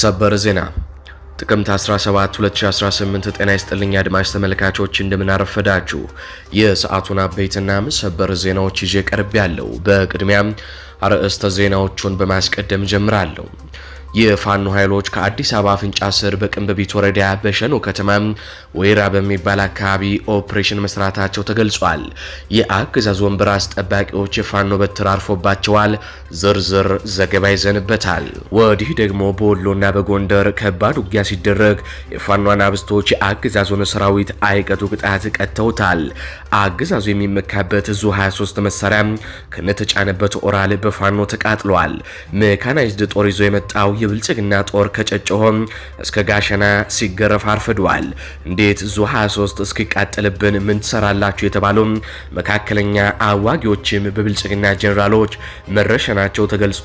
ሰበር ዜና ጥቅምት 17 2018። ጤና ይስጥልኝ አድማጭ ተመልካቾች እንደምናረፈዳችሁ የሰዓቱን አበይትና ሰበር ዜናዎች ይዤ ቀርብ ያለው። በቅድሚያም አርዕስተ ዜናዎቹን በማስቀደም ጀምራለሁ። የፋኖ ኃይሎች ከአዲስ አበባ አፍንጫ ስር በቅንብቢት ወረዳ በሸኖ ከተማ ወይራ በሚባል አካባቢ ኦፕሬሽን መስራታቸው ተገልጿል። የአገዛዝ ወንበር አስጠባቂዎች የፋኖ በትር አርፎባቸዋል። ዝርዝር ዘገባ ይዘንበታል። ወዲህ ደግሞ በወሎና በጎንደር ከባድ ውጊያ ሲደረግ የፋኖ አናብስቶች የአገዛዙን ሰራዊት አይቀጡ ቅጣት ቀጥተውታል። አገዛዙ የሚመካበት ዙ 23 መሳሪያ ከነተጫነበት ኦራል በፋኖ ተቃጥሏል። ሜካናይዝድ ጦር ይዞ የመጣው የብልጽግና ጦር ከጨጨሆ እስከ ጋሸና ሲገረፍ አርፍዷል። እንዴት ዙ 23 እስኪቃጠልብን ምን ትሰራላችሁ የተባሉ መካከለኛ አዋጊዎችም በብልጽግና ጀኔራሎች መረሸናቸው ተገልጿል።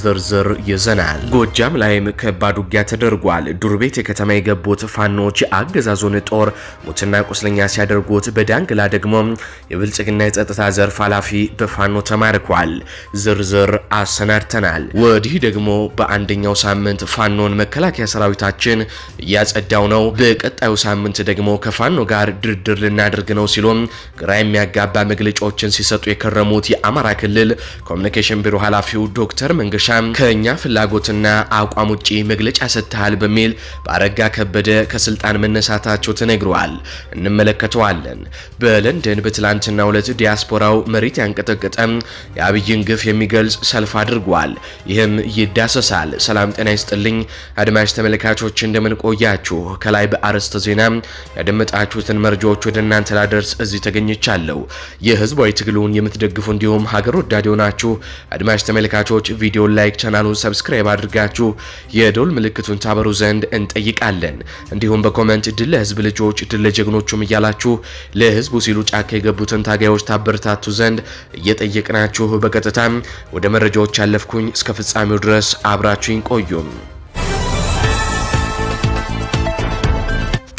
ዝርዝር ይዘናል። ጎጃም ላይም ከባድ ውጊያ ተደርጓል። ዱር ቤት የከተማ የገቡት ፋኖች የአገዛዙን ጦር ሙትና ቁስለኛ ሲያደርጉት፣ በዳንግላ ደግሞ የብልጽግና የጸጥታ ዘርፍ ኃላፊ በፋኖ ተማርኳል። ዝርዝር አሰናድተናል። ወዲህ ደግሞ በአንደኛው በያዝነው ሳምንት ፋኖን መከላከያ ሰራዊታችን እያጸዳው ነው፣ በቀጣዩ ሳምንት ደግሞ ከፋኖ ጋር ድርድር ልናደርግ ነው ሲሉም ግራ የሚያጋባ መግለጫዎችን ሲሰጡ የከረሙት የአማራ ክልል ኮሚኒኬሽን ቢሮ ኃላፊው ዶክተር መንገሻም ከእኛ ፍላጎትና አቋም ውጪ መግለጫ ሰጥተሃል በሚል በአረጋ ከበደ ከስልጣን መነሳታቸው ተነግረዋል። እንመለከተዋለን። በለንደን በትላንትናው ዕለት ዲያስፖራው መሬት ያንቀጠቀጠም የአብይን ግፍ የሚገልጽ ሰልፍ አድርጓል። ይህም ይዳሰሳል። ሰላም ሰላም ጤና ይስጥልኝ አድማጭ ተመልካቾች እንደምን ቆያችሁ? ከላይ በአርዕስተ ዜና ያደመጣችሁትን መረጃዎች ወደ እናንተ ላደርስ እዚህ ተገኝቻለሁ። የህዝባዊ ትግሉን የምትደግፉ እንዲሁም ሀገር ወዳድ የሆናችሁ አድማጭ ተመልካቾች ቪዲዮ ላይክ፣ ቻናሉን ሰብስክራይብ አድርጋችሁ የዶል ምልክቱን ታበሩ ዘንድ እንጠይቃለን። እንዲሁም በኮመንት ድል ለህዝብ ልጆች ድል ለጀግኖቹም እያላችሁ ለህዝቡ ሲሉ ጫካ የገቡትን ታጋዮች ታበረታቱ ዘንድ እየጠየቅናችሁ በቀጥታ ወደ መረጃዎች ያለፍኩኝ እስከ ፍጻሜው ድረስ አብራችሁኝ ቆዩ። ቆዩም።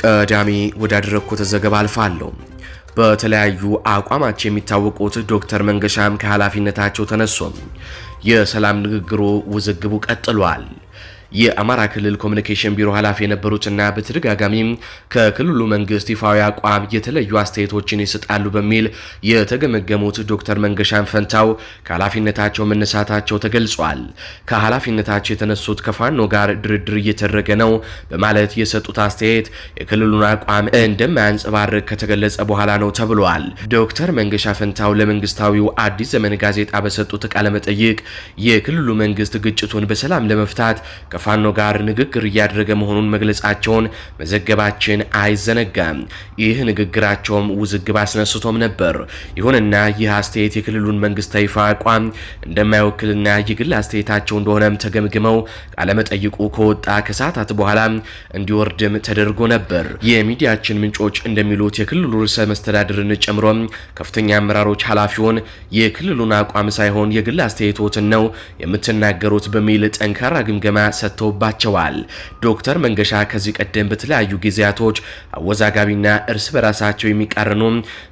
ቀዳሚ ወዳደረግኩት ዘገባ አልፋለሁ። በተለያዩ አቋማቸው የሚታወቁት ዶክተር መንገሻም ከኃላፊነታቸው ተነሶም የሰላም ንግግሩ ውዝግቡ ቀጥሏል። የአማራ ክልል ኮሚኒኬሽን ቢሮ ኃላፊ የነበሩትና በተደጋጋሚም ከክልሉ መንግስት ይፋዊ አቋም የተለዩ አስተያየቶችን ይሰጣሉ በሚል የተገመገሙት ዶክተር መንገሻን ፈንታው ከኃላፊነታቸው መነሳታቸው ተገልጿል። ከኃላፊነታቸው የተነሱት ከፋኖ ጋር ድርድር እየተደረገ ነው በማለት የሰጡት አስተያየት የክልሉን አቋም እንደማያንጸባርቅ ከተገለጸ በኋላ ነው ተብሏል። ዶክተር መንገሻ ፈንታው ለመንግስታዊው አዲስ ዘመን ጋዜጣ በሰጡት ቃለመጠይቅ የክልሉ መንግስት ግጭቱን በሰላም ለመፍታት ከፋኖ ጋር ንግግር እያደረገ መሆኑን መግለጻቸውን መዘገባችን አይዘነጋም። ይህ ንግግራቸውም ውዝግብ አስነስቶም ነበር። ይሁንና ይህ አስተያየት የክልሉን መንግስት ይፋ አቋም እንደማይወክልና የግል አስተያየታቸው እንደሆነም ተገምግመው ቃለመጠይቁ ከወጣ ከሰዓታት በኋላ እንዲወርድም ተደርጎ ነበር። የሚዲያችን ምንጮች እንደሚሉት የክልሉ ርዕሰ መስተዳድርን ጨምሮ ከፍተኛ አመራሮች ኃላፊውን የክልሉን አቋም ሳይሆን የግል አስተያየቶትን ነው የምትናገሩት በሚል ጠንካራ ግምገማ ተሰጥቶባቸዋል። ዶክተር መንገሻ ከዚህ ቀደም በተለያዩ ጊዜያቶች አወዛጋቢና እርስ በራሳቸው የሚቃረኑ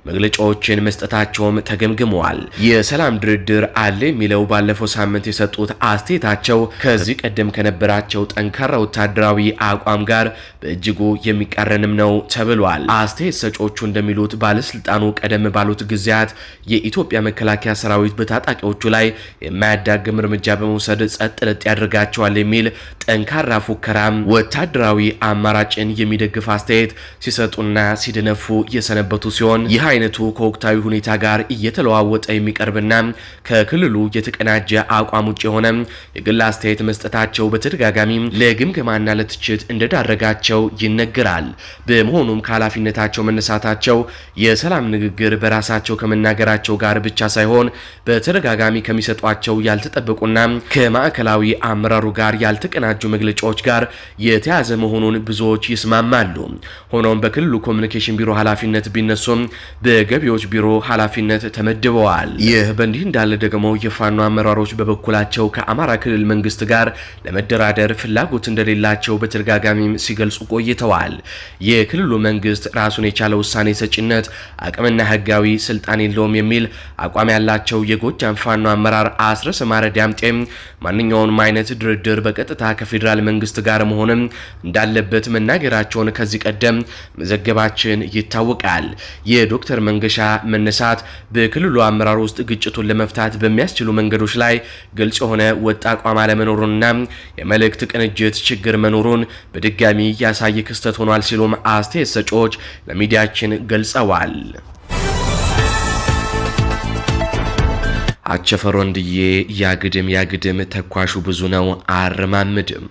መግለጫዎችን መስጠታቸውም ተገምግመዋል። የሰላም ድርድር አለ የሚለው ባለፈው ሳምንት የሰጡት አስተያየታቸው ከዚህ ቀደም ከነበራቸው ጠንካራ ወታደራዊ አቋም ጋር በእጅጉ የሚቃረንም ነው ተብሏል። አስተያየት ሰጮቹ እንደሚሉት ባለስልጣኑ ቀደም ባሉት ጊዜያት የኢትዮጵያ መከላከያ ሰራዊት በታጣቂዎቹ ላይ የማያዳግም እርምጃ በመውሰድ ጸጥ ለጥ ያደርጋቸዋል የሚል ጠንካራ ፉከራም ወታደራዊ አማራጭን የሚደግፍ አስተያየት ሲሰጡና ሲደነፉ የሰነበቱ ሲሆን ይህ አይነቱ ከወቅታዊ ሁኔታ ጋር እየተለዋወጠ የሚቀርብና ከክልሉ የተቀናጀ አቋም ውጭ የሆነ የግል አስተያየት መስጠታቸው በተደጋጋሚ ለግምገማና ለትችት እንደዳረጋቸው ይነገራል። በመሆኑም ከኃላፊነታቸው መነሳታቸው የሰላም ንግግር በራሳቸው ከመናገራቸው ጋር ብቻ ሳይሆን በተደጋጋሚ ከሚሰጧቸው ያልተጠበቁና ከማዕከላዊ አመራሩ ጋር ያልተቀ ከተቀናጁ መግለጫዎች ጋር የተያዘ መሆኑን ብዙዎች ይስማማሉ። ሆኖም በክልሉ ኮሚኒኬሽን ቢሮ ኃላፊነት ቢነሱም በገቢዎች ቢሮ ኃላፊነት ተመድበዋል። ይህ በእንዲህ እንዳለ ደግሞ የፋኖ አመራሮች በበኩላቸው ከአማራ ክልል መንግስት ጋር ለመደራደር ፍላጎት እንደሌላቸው በተደጋጋሚም ሲገልጹ ቆይተዋል። የክልሉ መንግስት ራሱን የቻለ ውሳኔ ሰጪነት አቅምና ህጋዊ ስልጣን የለውም የሚል አቋም ያላቸው የጎጃም ፋኖ አመራር አስረስ ማረ ዳምጤም ማንኛውንም አይነት ድርድር በቀጥታ ከፌዴራል መንግስት ጋር መሆንም እንዳለበት መናገራቸውን ከዚህ ቀደም መዘገባችን ይታወቃል። የዶክተር መንገሻ መነሳት በክልሉ አመራር ውስጥ ግጭቱን ለመፍታት በሚያስችሉ መንገዶች ላይ ግልጽ የሆነ ወጥ አቋም አለመኖሩንና የመልእክት ቅንጅት ችግር መኖሩን በድጋሚ ያሳየ ክስተት ሆኗል ሲሉም አስተያየት ሰጪዎች ለሚዲያችን ገልጸዋል። አቸፈር ወንድዬ ያግድም ያግድም ተኳሹ ብዙ ነው አረማምድም።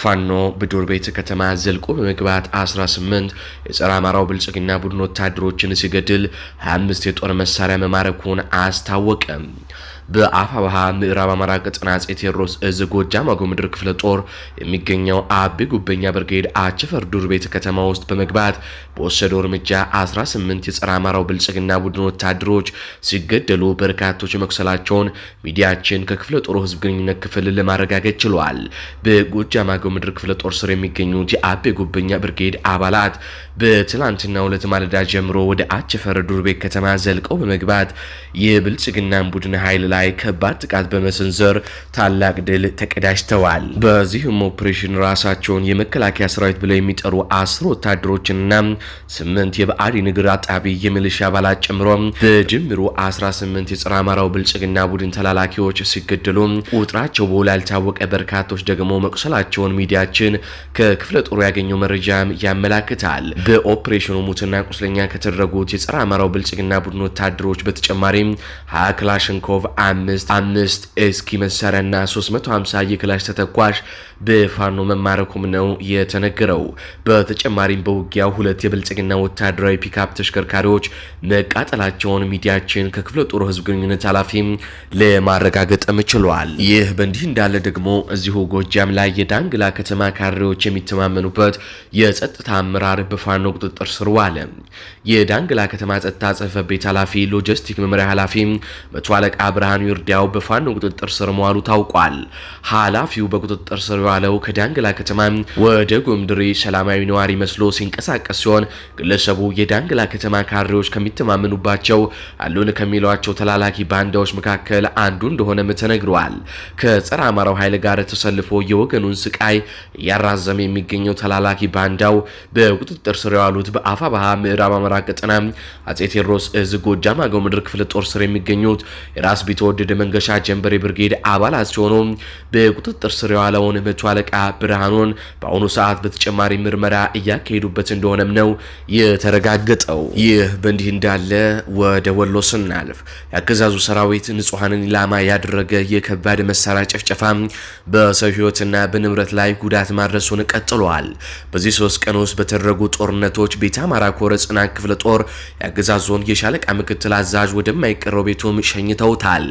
ፋኖ በዶር ቤት ከተማ ዘልቆ በመግባት 18 የጸረ አማራው ብልጽግና ቡድን ወታደሮችን ሲገድል 25 የጦር መሳሪያ መማረኩን አስታወቀ። በአፋባሃ ምዕራብ አማራ ቀጠና አጼ ቴዎድሮስ እዝ ጎጃም አገው ምድር ክፍለ ጦር የሚገኘው አቤ ጉበኛ ብርጌድ አቸፈር ዱር ቤት ከተማ ውስጥ በመግባት በወሰደው እርምጃ 18 የጸረ አማራው ብልጽግና ቡድን ወታደሮች ሲገደሉ በርካቶች መቁሰላቸውን ሚዲያችን ከክፍለ ጦሩ ህዝብ ግንኙነት ክፍል ለማረጋገጥ ችሏል። በጎጃም አገው ምድር ክፍለ ጦር ስር የሚገኙት የአቤ ጉበኛ ብርጌድ አባላት በትላንትና ሁለት ማለዳ ጀምሮ ወደ አቸፈር ዱር ቤት ከተማ ዘልቀው በመግባት የብልጽግናን ቡድን ኃይል ላይ ከባድ ጥቃት በመሰንዘር ታላቅ ድል ተቀዳጅተዋል። በዚህም ኦፕሬሽን ራሳቸውን የመከላከያ ሰራዊት ብለው የሚጠሩ አስር ወታደሮችንና ስምንት የብአዴን እግር አጣቢ የሚሊሻ አባላት ጨምሮ በድምሩ 18 የጸረ አማራው ብልጽግና ቡድን ተላላኪዎች ሲገደሉ ቁጥራቸው በውል ያልታወቀ በርካቶች ደግሞ መቁሰላቸውን ሚዲያችን ከክፍለ ጦሩ ያገኘው መረጃም ያመላክታል። በኦፕሬሽኑ ሙትና ቁስለኛ ከተደረጉት የጸረ አማራው ብልጽግና ቡድን ወታደሮች በተጨማሪም ሀያ ክላሽንኮቭ አምስት አምስት እስኪ መሳሪያና 350 የክላሽ ተተኳሽ በፋኖ መማረኩም ነው የተነገረው። በተጨማሪም በውጊያው ሁለት የብልጽግና ወታደራዊ ፒካፕ ተሽከርካሪዎች መቃጠላቸውን ሚዲያችን ከክፍለ ጦር ህዝብ ግንኙነት ኃላፊም ለማረጋገጥም ችሏል። ይህ በእንዲህ እንዳለ ደግሞ እዚሁ ጎጃም ላይ የዳንግላ ከተማ ካድሬዎች የሚተማመኑበት የጸጥታ አመራር በፋኖ ቁጥጥር ስር ዋለ። የዳንግላ ከተማ ጸጥታ ጽህፈት ቤት ኃላፊ ሎጂስቲክ መምሪያ ኃላፊ መቶ አለቃ ብርሃኑ ይርዳው በፋኖ ቁጥጥር ስር መዋሉ ታውቋል። ኃላፊው በቁጥጥር ስር የዋለው ከዳንግላ ከተማ ወደ ጉምድሪ ሰላማዊ ነዋሪ መስሎ ሲንቀሳቀስ ሲሆን ግለሰቡ የዳንግላ ከተማ ካድሬዎች ከሚተማመኑባቸው አሉን ከሚሏቸው ተላላኪ ባንዳዎች መካከል አንዱ እንደሆነም ተነግረዋል። ከጸረ አማራው ኃይል ጋር ተሰልፎ የወገኑን ስቃይ እያራዘመ የሚገኘው ተላላኪ ባንዳው በቁጥጥር ስር የዋሉት ባሃ ምዕራብ አማራ ቀጠና አጼ ቴዎድሮስ እዝ ጎጃም አገው ምድር ክፍለ ጦር ስር የሚገኙት የራስ ቢትወደድ መንገሻ ጀንበሬ ብርጌድ አባላት ሲሆኑ በቁጥጥር ስር የዋለውን አለቃ ብርሃኑን በአሁኑ ሰዓት በተጨማሪ ምርመራ እያካሄዱበት እንደሆነም ነው የተረጋገጠው። ይህ በእንዲህ እንዳለ ወደ ወሎ ስናልፍ የአገዛዙ ሰራዊት ንጹሐንን ኢላማ ያደረገ የከባድ መሳሪያ ጭፍጨፋ በሰው ህይወትና በንብረት ላይ ጉዳት ማድረሱን ቀጥሏል። በዚህ ሶስት ቀን ውስጥ በተደረጉ ጦርነቶች ቤተ አማራ ኮረ ጽና ክፍለ ጦር የአገዛዞን የሻለቃ ምክትል አዛዥ ወደማይቀረው ቤቱም ሸኝተውታል።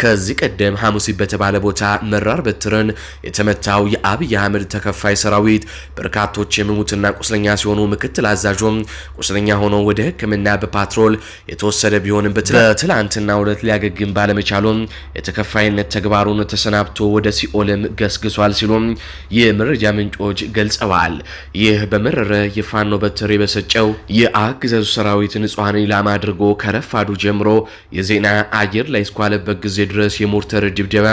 ከዚህ ቀደም ሐሙሲ በተባለ ቦታ መራር በትርን የተመታው የመራው የአብይ አህመድ ተከፋይ ሰራዊት በርካቶች የመሙትና ቁስለኛ ሲሆኑ ምክትል አዛዡም ቁስለኛ ሆኖ ወደ ሕክምና በፓትሮል የተወሰደ ቢሆንም በትላንትና ዕለት ሊያገግም ባለመቻሉም የተከፋይነት ተግባሩን ተሰናብቶ ወደ ሲኦልም ገስግሷል ሲሉም የመረጃ ምንጮች ገልጸዋል። ይህ በመረረ የፋኖ በትር የበሰጨው የአገዛዙ ሰራዊት ንጹሐን ኢላማ አድርጎ ከረፋዱ ጀምሮ የዜና አየር ላይ እስኳለበት ጊዜ ድረስ የሞርተር ድብደባ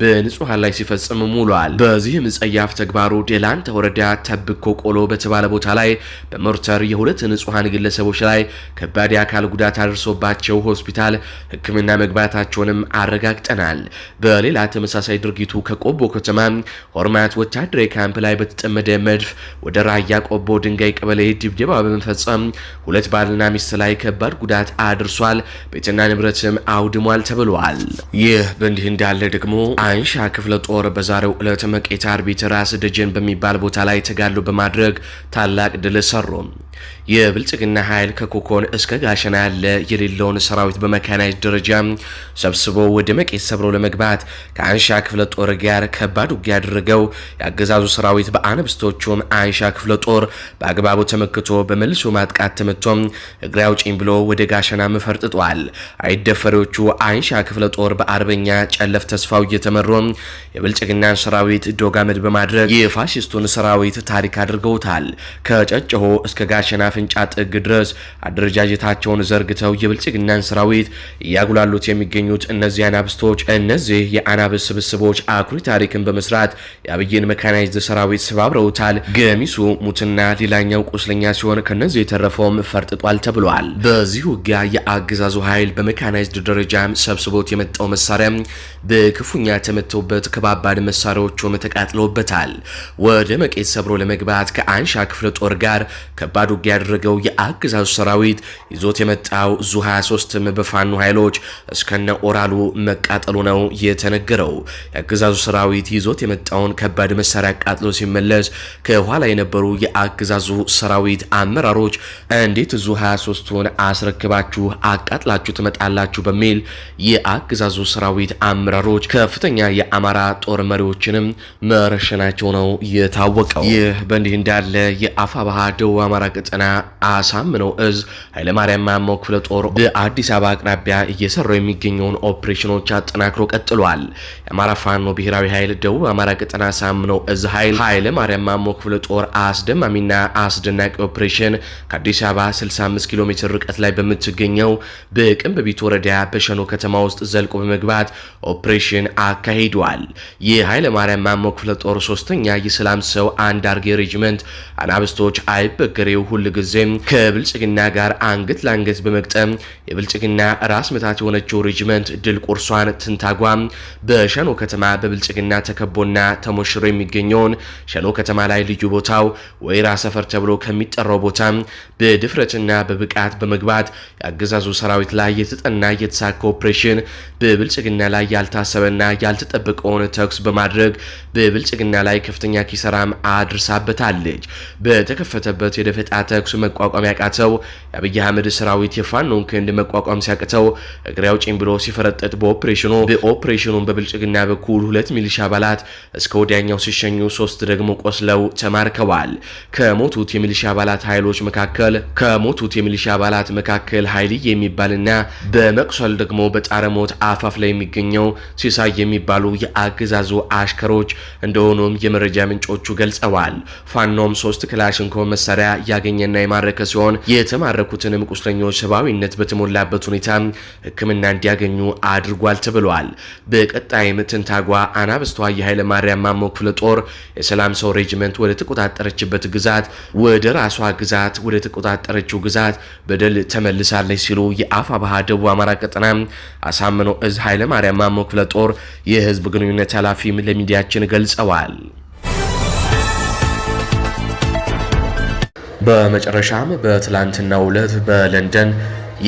በንጹሐን ላይ ሲፈጽም ሙሏል በዚህም ጸያፍ ተግባሩ ዴላንታ ወረዳ ተብኮ ቆሎ በተባለ ቦታ ላይ በሞርተር የሁለት ንጹሐን ግለሰቦች ላይ ከባድ የአካል ጉዳት አድርሶባቸው ሆስፒታል ሕክምና መግባታቸውንም አረጋግጠናል። በሌላ ተመሳሳይ ድርጊቱ ከቆቦ ከተማ ሆርማት ወታደራዊ ካምፕ ላይ በተጠመደ መድፍ ወደ ራያ ቆቦ ድንጋይ ቀበሌ ድብደባ በመፈጸም ሁለት ባልና ሚስት ላይ ከባድ ጉዳት አድርሷል። ቤትና ንብረትም አውድሟል ተብሏል። ይህ በእንዲህ እንዳለ ደግሞ አንሻ ክፍለ ጦር በዛሬው ዕለት መቀ የውጤት አርቢት ራስ ደጀን በሚባል ቦታ ላይ ተጋድሎ በማድረግ ታላቅ ድል ሰሩ። የብልጽግና ኃይል ከኮኮን እስከ ጋሸና ያለ የሌለውን ሰራዊት በመካናይዝ ደረጃ ሰብስቦ ወደ መቄት ሰብሮ ለመግባት ከአንሻ ክፍለ ጦር ጋር ከባድ ውጊያ ያደረገው የአገዛዙ ሰራዊት በአነብስቶቹም አንሻ ክፍለ ጦር በአግባቡ ተመክቶ በመልሶ ማጥቃት ተመቶ እግሬ አውጪኝ ብሎ ወደ ጋሸና ፈርጥጧል። አይደፈሪዎቹ አንሻ ክፍለ ጦር በአርበኛ ጨለፍ ተስፋው እየተመሩ የብልጽግናን ሰራዊት ዶጋመድ በማድረግ የፋሽስቱን ሰራዊት ታሪክ አድርገውታል። ከጨጨሆ እስከ ጋሸና አፍንጫ ጥግ ድረስ አደረጃጀታቸውን ዘርግተው የብልጽግናን ሰራዊት እያጉላሉት የሚገኙት እነዚህ አናብስቶች እነዚህ የአናብስ ስብስቦች አኩሪ ታሪክን በመስራት የአብይን መካናይዝድ ሰራዊት ስባብረውታል። ገሚሱ ሙትና ሌላኛው ቁስለኛ ሲሆን ከነዚህ የተረፈውም ፈርጥጧል ተብሏል። በዚህ ውጊያ የአገዛዙ ኃይል በመካናይዝድ ደረጃም ሰብስቦት የመጣው መሳሪያ በክፉኛ ተመተውበት ከባባድ መሳሪያዎቹም ተቃጥለውበታል። ወደ መቄት ሰብሮ ለመግባት ከአንሻ ክፍለ ጦር ጋር ከባድ ውጊያ ያደረገው የአገዛዙ ሰራዊት ይዞት የመጣው ዙ 23ም በፋኑ ኃይሎች እስከነ ኦራሉ መቃጠሉ ነው የተነገረው። የአገዛዙ ሰራዊት ይዞት የመጣውን ከባድ መሳሪያ አቃጥሎ ሲመለስ ከኋላ የነበሩ የአገዛዙ ሰራዊት አመራሮች እንዴት ዙ 23ቱን አስረክባችሁ አቃጥላችሁ ትመጣላችሁ በሚል የአገዛዙ ሰራዊት አመራሮች ከፍተኛ የአማራ ጦር መሪዎችንም መረሸናቸው ነው የታወቀው። ይህ በእንዲህ እንዳለ የአፋ ባህ ደቡብ አማራ ቀጠና አሳምነው እዝ ኃይለማርያም ማሞ ክፍለ ጦር በአዲስ አበባ አቅራቢያ እየሰራው የሚገኘውን ኦፕሬሽኖች አጠናክሮ ቀጥሏል። የአማራ ፋኖ ብሔራዊ ኃይል ደቡብ አማራ ቀጠና አሳምነው እዝ ኃይል ኃይለማርያም ማሞ ክፍለ ጦር አስደማሚና አስደናቂ ኦፕሬሽን ከአዲስ አበባ 65 ኪሎ ሜትር ርቀት ላይ በምትገኘው ቢት ወረዳ በሸኖ ከተማ ውስጥ ዘልቆ በመግባት ኦፕሬሽን አካሂዷል። ይህ ኃይለማርያም ማሞ ክፍለ ጦር ሶስተኛ የሰላም ሰው አንድ አርጌ ሬጅመንት አናብስቶች አይበገሬው ሁልጊዜ ጊዜ ከብልጽግና ጋር አንገት ለአንገት በመግጠም የብልጽግና ራስ ምታት የሆነችው ሬጅመንት ድል ቁርሷን ትንታጓ በሸኖ ከተማ በብልጽግና ተከቦና ተሞሽሮ የሚገኘውን ሸኖ ከተማ ላይ ልዩ ቦታው ወይራ ሰፈር ተብሎ ከሚጠራው ቦታ በድፍረትና በብቃት በመግባት የአገዛዙ ሰራዊት ላይ የተጠና የተሳካ ኦፕሬሽን በብልጽግና ላይ ያልታሰበና ያልተጠበቀውን ተኩስ በማድረግ በብልጽግና ላይ ከፍተኛ ኪሰራም አድርሳበታለች። በተከፈተበት የደፈጣ ተኩስ መቋቋም ያቃተው የአብይ አህመድ ሰራዊት የፋኖን ክንድ መቋቋም ሲያቅተው እግሬ አውጪኝ ብሎ ሲፈረጠጥ በኦፕሬሽኑ በኦፕሬሽኑን በብልጽግና በኩል ሁለት ሚሊሻ አባላት እስከ ወዲያኛው ሲሸኙ ሶስት ደግሞ ቆስለው ተማርከዋል። ከሞቱት የሚሊሻ አባላት ኃይሎች መካከል ከሞቱት የሚሊሻ አባላት መካከል ኃይል የሚባልና በመቁሰል ደግሞ በጣረሞት አፋፍ ላይ የሚገኘው ሲሳይ የሚባሉ የአገዛዙ አሽከሮች እንደሆኑም የመረጃ ምንጮቹ ገልጸዋል። ፋኖም ሶስት ክላሽንኮ መሳሪያ ያገኘና የማረከ ሲሆን የተማረኩትንም ቁስለኞች ሰብአዊነት በተሞላበት ሁኔታ ሕክምና እንዲያገኙ አድርጓል ተብሏል። በቀጣይም ትንታጓ አናብስቷ የኃይለ ማርያም ማሞ ክፍለ ጦር የሰላም ሰው ሬጅመንት ወደ ተቆጣጠረችበት ግዛት ወደ ራሷ ግዛት ወደ ተቆጣጠረችው ግዛት በደል ተመልሳለች ሲሉ የአፋ ባህ ደቡብ አማራ ቀጠና አሳምነው እዝ ኃይለ ማርያም ማሞ ክፍለ ጦር የህዝብ ግንኙነት ኃላፊም ለሚዲያችን ገልጸዋል። በመጨረሻም በትላንትናው ዕለት በለንደን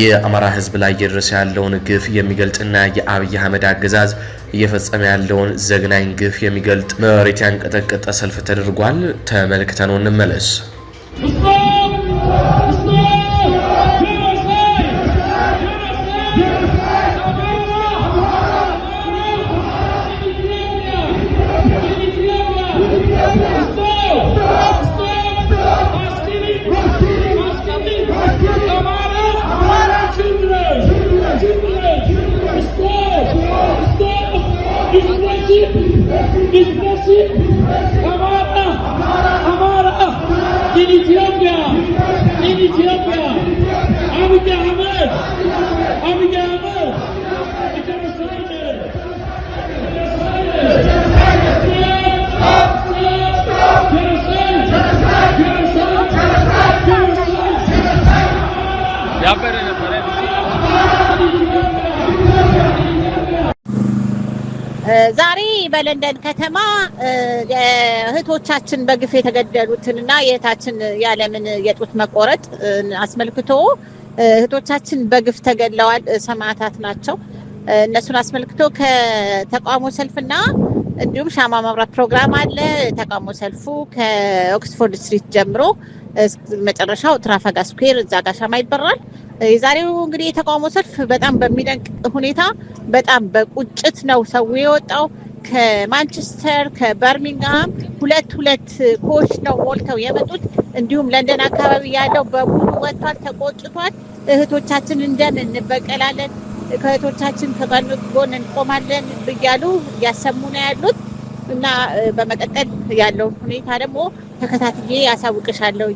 የአማራ ህዝብ ላይ እየደረሰ ያለውን ግፍ የሚገልጥና የአብይ አህመድ አገዛዝ እየፈጸመ ያለውን ዘግናኝ ግፍ የሚገልጥ መሬት ያንቀጠቀጠ ሰልፍ ተደርጓል። ተመልክተነው እንመለስ። हमारा हमारा ये नीचे गया ये नीचे गया अब क्या हमें በለንደን ከተማ እህቶቻችን በግፍ የተገደሉትን እና የእህታችን ያለምን የጡት መቆረጥ አስመልክቶ እህቶቻችን በግፍ ተገድለዋል። ሰማዕታት ናቸው። እነሱን አስመልክቶ ከተቃውሞ ሰልፍና እንዲሁም ሻማ መብራት ፕሮግራም አለ። ተቃውሞ ሰልፉ ከኦክስፎርድ ስትሪት ጀምሮ መጨረሻው ትራፋጋ ስኩዌር እዛ ጋ ሻማ ይበራል። የዛሬው እንግዲህ የተቃውሞ ሰልፍ በጣም በሚደንቅ ሁኔታ በጣም በቁጭት ነው ሰው የወጣው። ከማንቸስተር ከበርሚንግሃም ሁለት ሁለት ኮች ነው ሞልተው የመጡት። እንዲሁም ለንደን አካባቢ ያለው በሙሉ ወጥቷል፣ ተቆጭቷል። እህቶቻችን እንደን እንበቀላለን፣ ከእህቶቻችን ከቀኑት ጎን እንቆማለን እያሉ እያሰሙ ነው ያሉት እና በመቀጠል ያለውን ሁኔታ ደግሞ ተከታትዬ ያሳውቅሻለሁ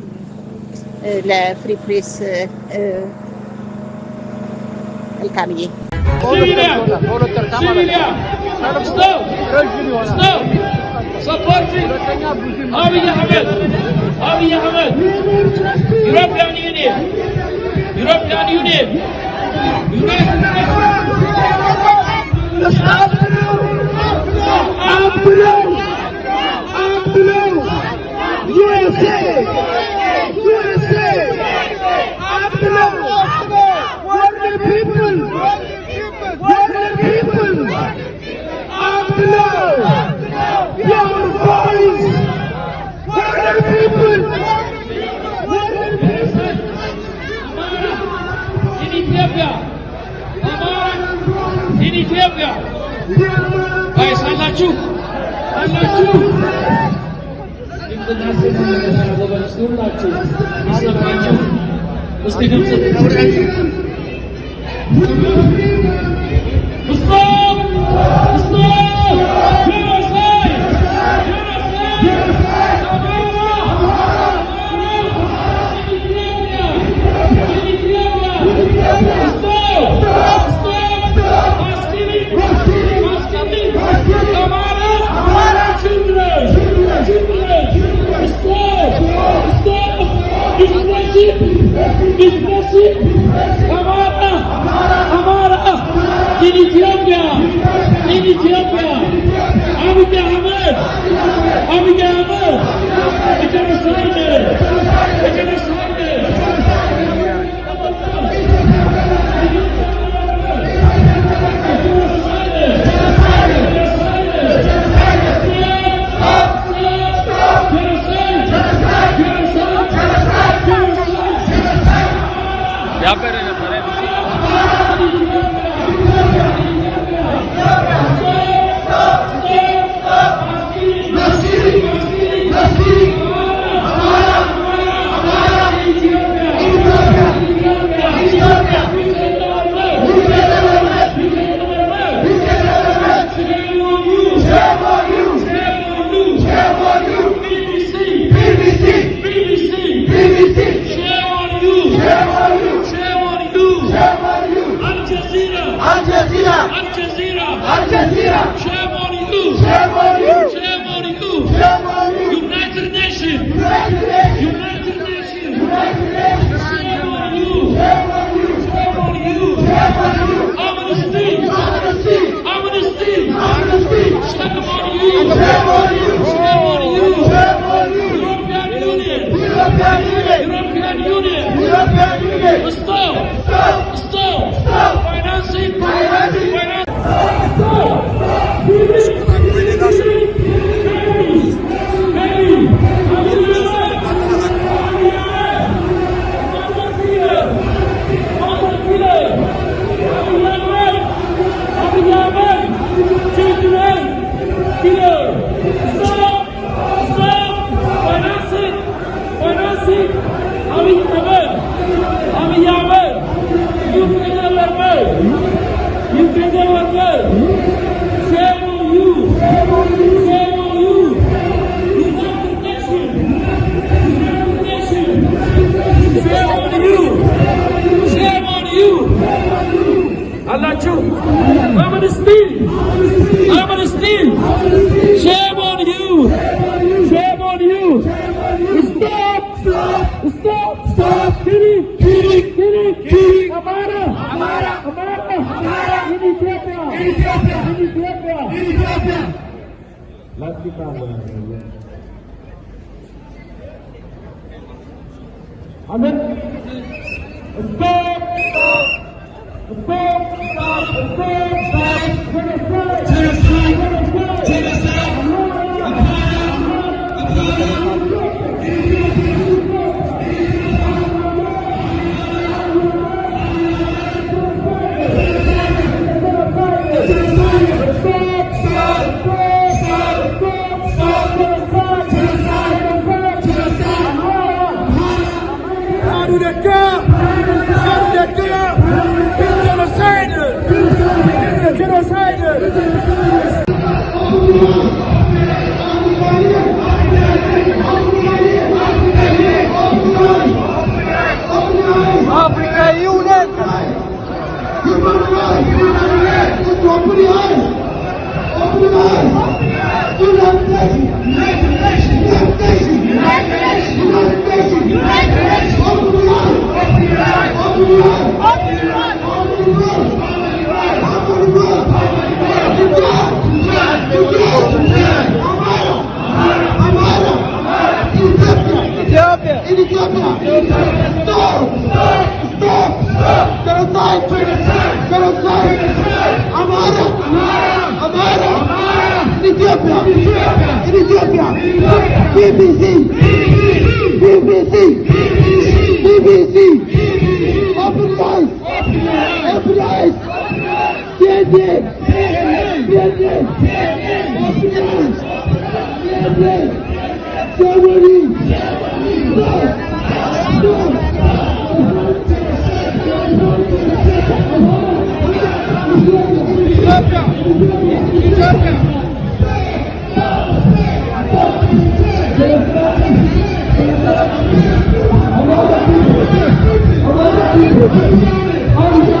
ለፍሪ ፕሬስ መልካምዬ اسلام اسلام سبورتي هاوي يا حمد هاوي يا حمد European Union European Union United Nations गिरफ्तासी हमारा हमारा इथियोपिया इथियोपिया अभी हमें अभी हमें इतना सामने इतना सामने Shame on you! Shame on you! Shame on you! Shame on you! United Nations! United Nations! United Nations! United Nations! Shame on you! Shame on you! Shame on you! Shame on you! Amnesty! Amnesty! Amnesty! Amnesty! Shame on you! Shame on you! Shame on you! Shame on you! European Union! European Union! European Union! European Union! Stop! Stop! Stop! Stop! Financing Lovely Kamal. Amit, stop! Stop! Stop! Stop! Stop! Stop! Stop! Stop! BBC, BBC, BBC, BBC, BBC, BBC, BBC, CNN, CNN, open eyes, CNN, Germany, no, no. Ethiopia, Ethiopia. Thank you.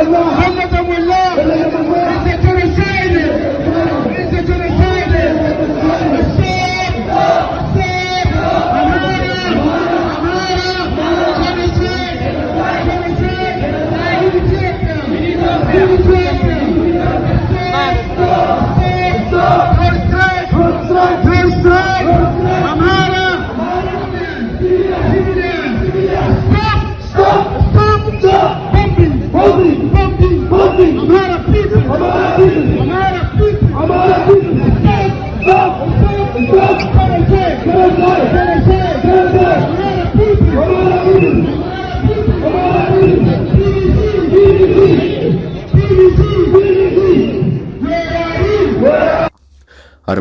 الله محمد ابو الله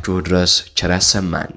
እስካላችሁ ድረስ ቸር ያሰማን።